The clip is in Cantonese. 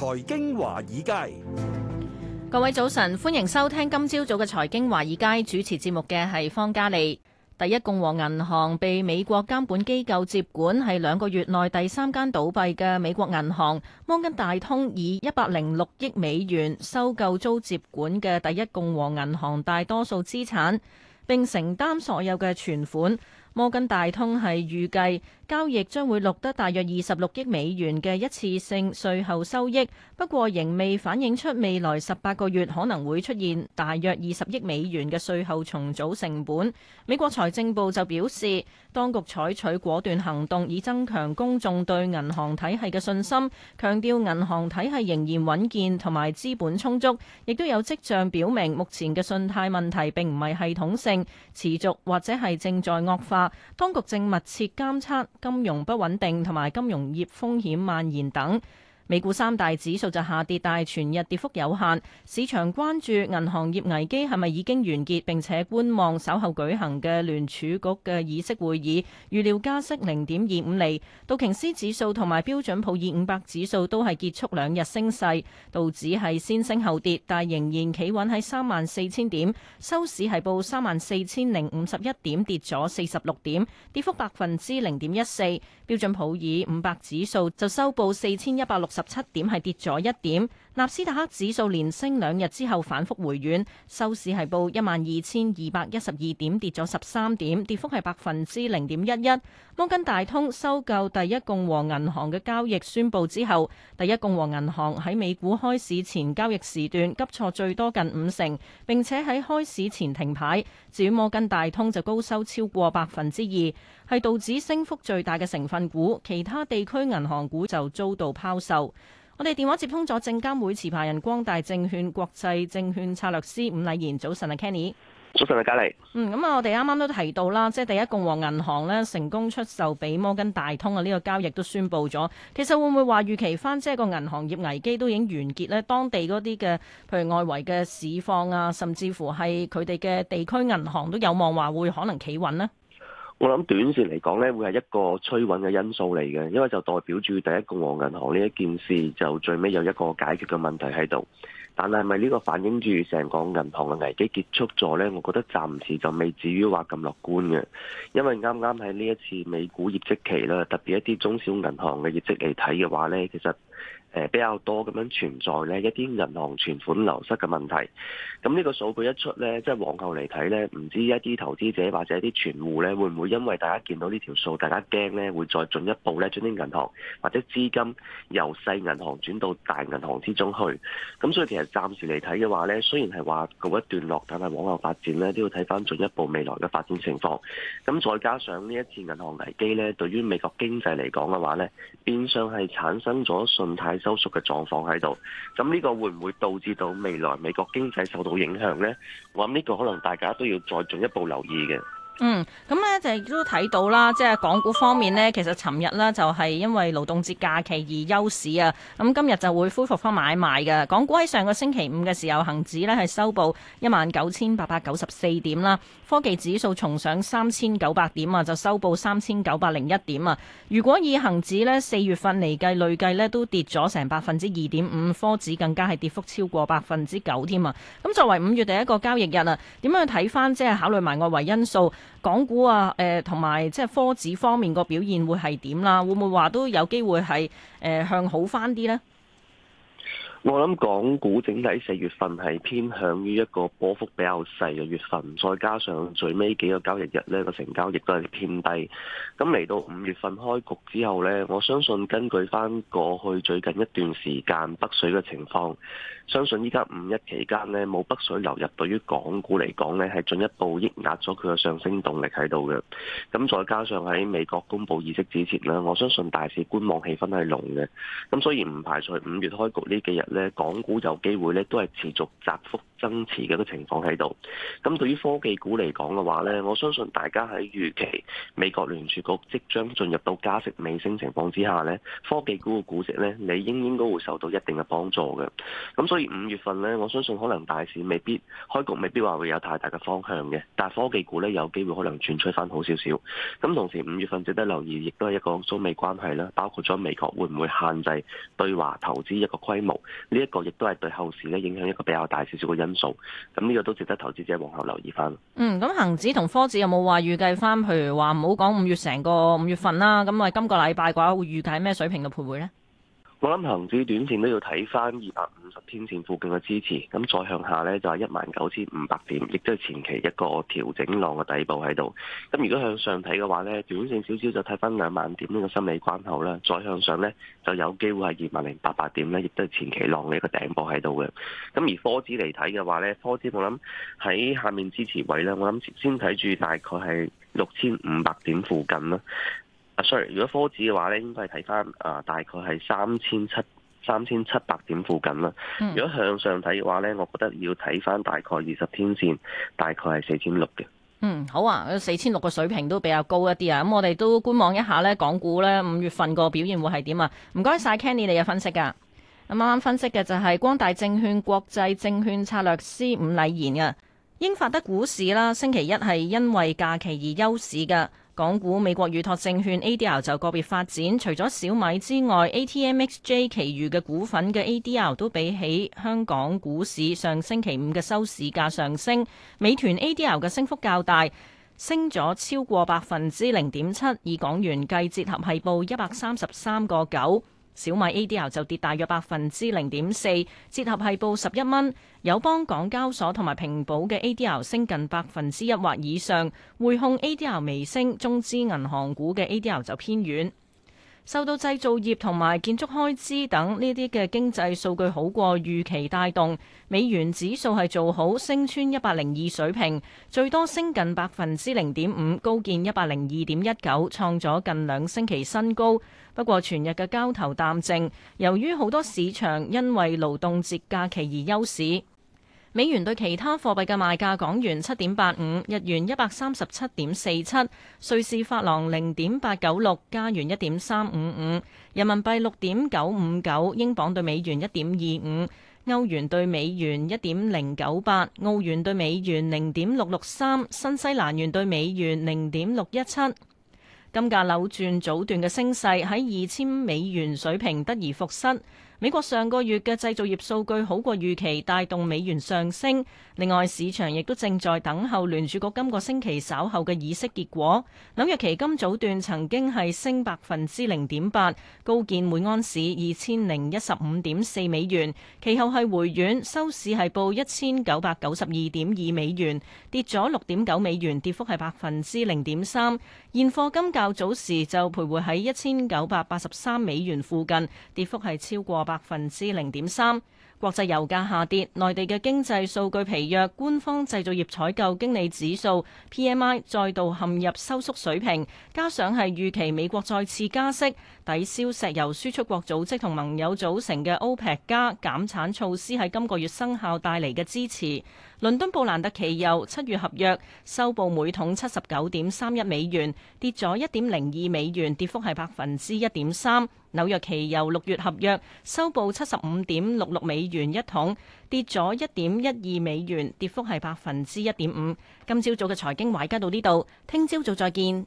財經華爾街，各位早晨，歡迎收聽今朝早嘅財經華爾街主持節目嘅係方嘉利。第一共和銀行被美國監管機構接管，係兩個月內第三間倒閉嘅美國銀行。摩根大通以一百零六億美元收購遭接管嘅第一共和銀行大多數資產，並承擔所有嘅存款。摩根大通係預計交易將會錄得大約二十六億美元嘅一次性稅後收益，不過仍未反映出未來十八個月可能會出現大約二十億美元嘅稅後重組成本。美國財政部就表示，當局採取果斷行動以增強公眾對銀行體系嘅信心，強調銀行體系仍然穩健同埋資本充足，亦都有跡象表明目前嘅信貸問題並唔係系統性持續或者係正在惡化。當局正密切監測金融不穩定同埋金融業風險蔓延等。美股三大指數就下跌，但係全日跌幅有限。市場關注銀行業危機係咪已經完結，並且觀望稍後舉行嘅聯儲局嘅議息會議，預料加息零點二五厘。道瓊斯指數同埋標準普爾五百指數都係結束兩日升勢。道指係先升後跌，但仍然企穩喺三萬四千點，收市係報三萬四千零五十一點，跌咗四十六點，跌幅百分之零點一四。標準普爾五百指數就收報四千一百六十。十七點係跌咗一點。納斯達克指數，連升兩日之後反覆回軟，收市係報一萬二千二百一十二點，跌咗十三點，跌幅係百分之零點一一。摩根大通收購第一共和銀行嘅交易宣布之後，第一共和銀行喺美股開市前交易時段急挫最多近五成，並且喺開市前停牌。至於摩根大通就高收超過百分之二，係道指升幅最大嘅成分股。其他地區銀行股就遭到拋售。我哋電話接通咗證監會持牌人光大證券國際證券策略師伍禮賢，早晨啊 Kenny 早晨啊，佳麗。嗯，咁啊，我哋啱啱都提到啦，即係第一共和銀行咧成功出售俾摩根大通啊，呢個交易都宣布咗。其實會唔會話預期翻，即係個銀行業危機都已經完結咧？當地嗰啲嘅，譬如外圍嘅市況啊，甚至乎係佢哋嘅地區銀行都有望話會可能企穩呢？我諗短線嚟講呢，會係一個催穩嘅因素嚟嘅，因為就代表住第一共和銀行呢一件事就最尾有一個解決嘅問題喺度。但係咪呢個反映住成個銀行嘅危機結束咗呢？我覺得暫時就未至於話咁樂觀嘅，因為啱啱喺呢一次美股業績期啦，特別一啲中小銀行嘅業績嚟睇嘅話呢，其實。誒，比較多咁樣存在呢一啲銀行存款流失嘅問題。咁呢個數據一出呢，即係往後嚟睇呢，唔知一啲投資者或者啲存戶呢，會唔會因為大家見到呢條數，大家驚呢會再進一步呢將啲銀行或者資金由細銀行轉到大銀行之中去。咁所以其實暫時嚟睇嘅話呢，雖然係話告一段落，但係往後發展呢，都要睇翻進一步未來嘅發展情況。咁再加上呢一次銀行危機呢，對於美國經濟嚟講嘅話呢，變相係產生咗信。動態收縮嘅狀況喺度，咁呢個會唔會導致到未來美國經濟受到影響咧？我諗呢個可能大家都要再進一步留意嘅。嗯，咁呢就亦都睇到啦，即係港股方面呢，其實尋日呢就係因為勞動節假期而休市啊，咁今日就會恢復翻買賣嘅。港股喺上個星期五嘅時候，恒指呢係收報一萬九千八百九十四點啦，科技指數重上三千九百點啊，就收報三千九百零一點啊。如果以恒指呢四月份嚟計，累計呢都跌咗成百分之二點五，科指更加係跌幅超過百分之九添啊。咁作為五月第一個交易日啊，點樣去睇翻即係考慮埋外圍因素？港股啊，誒，同埋即係科指方面個表現會係點啦？會唔會話都有機會係誒向好翻啲咧？我諗港股整體四月份係偏向於一個波幅比較細嘅月份，再加上最尾幾個交易日呢個成交亦都係偏低。咁嚟到五月份開局之後呢，我相信根據翻過去最近一段時間北水嘅情況，相信依家五一期間呢冇北水流入，對於港股嚟講呢係進一步抑壓咗佢嘅上升動力喺度嘅。咁再加上喺美國公佈議息之前呢，我相信大市觀望氣氛係濃嘅。咁所以唔排除五月開局呢幾日。港股有機會咧，都係持續窄幅。增持嘅一個情況喺度，咁對於科技股嚟講嘅話咧，我相信大家喺預期美國聯儲局即將進入到加息尾聲情況之下咧，科技股嘅估值咧，你應該應該會受到一定嘅幫助嘅。咁所以五月份咧，我相信可能大市未必開局未必話會有太大嘅方向嘅，但係科技股咧有機會可能轉趨翻好少少。咁同時五月份值得留意，亦都係一個中美關係啦，包括咗美國會唔會限制對華投資一個規模，呢一個亦都係對後市咧影響一個比較大少少嘅因因素，咁呢個都值得投資者往後留意翻。嗯，咁恒指同科指有冇話預計翻？譬如話唔好講五月成個五月份啦，咁咪今個禮拜嘅話，會預計咩水平嘅徘徊咧？我諗恒指短線都要睇返二百五十天線附近嘅支持，咁再向下呢，就係一萬九千五百點，亦都係前期一個調整浪嘅底部喺度。咁如果向上睇嘅話呢，短線少少就睇返兩萬點呢個心理關口啦。再向上呢，就有機會係二萬零八百點呢，亦都係前期浪嘅一個頂部喺度嘅。咁而科指嚟睇嘅話呢，科指我諗喺下面支持位呢，我諗先睇住大概係六千五百點附近啦。所以如果科指嘅話咧，應該係睇翻啊，大概係三千七三千七百點附近啦。嗯、如果向上睇嘅話咧，我覺得要睇翻大概二十天線，大概係四千六嘅。嗯，好啊，四千六個水平都比較高一啲啊。咁、嗯、我哋都觀望一下咧，港股咧五月份個表現會係點啊？唔該晒 Kenny 你嘅分析㗎，啊。咁啱啱分析嘅就係光大證券國際證券策略師伍禮賢啊。英法德股市啦，星期一係因為假期而休市㗎。港股美國預託證券 ADR 就個別發展，除咗小米之外，ATMXJ 其餘嘅股份嘅 ADR 都比起香港股市上星期五嘅收市價上升。美團 ADR 嘅升幅較大，升咗超過百分之零點七，以港元計，折合係報一百三十三個九。小米 ADR 就跌大約百分之零點四，折合係報十一蚊。友邦港交所同埋平保嘅 ADR 升近百分之一或以上，匯控 ADR 微升，中資銀行股嘅 ADR 就偏軟。受到製造業同埋建築開支等呢啲嘅經濟數據好過預期帶動，美元指數係做好，升穿一百零二水平，最多升近百分之零點五，高見一百零二點一九，創咗近兩星期新高。不過全日嘅交投淡靜，由於好多市場因為勞動節假期而休市。美元對其他貨幣嘅賣價：港元七點八五，日元一百三十七點四七，瑞士法郎零點八九六，加元一點三五五，人民幣六點九五九，英鎊對美元一點二五，歐元對美元一點零九八，澳元對美元零點六六三，新西蘭元對美元零點六一七。金價扭轉早段嘅升勢，喺二千美元水平得而復失。美國上個月嘅製造業數據好過預期，帶動美元上升。另外，市場亦都正在等候聯儲局今個星期稍後嘅議息結果。紐約期金早段曾經係升百分之零點八，高見每安士二千零一十五點四美元。其後係回軟，收市係報一千九百九十二點二美元，跌咗六點九美元，跌幅係百分之零點三。現貨金較早時就徘徊喺一千九百八十三美元附近，跌幅係超過百分之零點三，國際油價下跌，內地嘅經濟數據疲弱，官方製造業採購經理指數 P M I 再度陷入收縮水平，加上係預期美國再次加息，抵消石油輸出國組織同盟友組成嘅歐佩克加減產措施喺今個月生效帶嚟嘅支持。倫敦布蘭特期油七月合約收報每桶七十九點三一美元，跌咗一點零二美元，跌幅係百分之一點三。紐約期油六月合約收報七十五點六六美元一桶，跌咗一點一二美元，跌幅係百分之一點五。今朝早嘅財經匯價到呢度，聽朝早，早再見。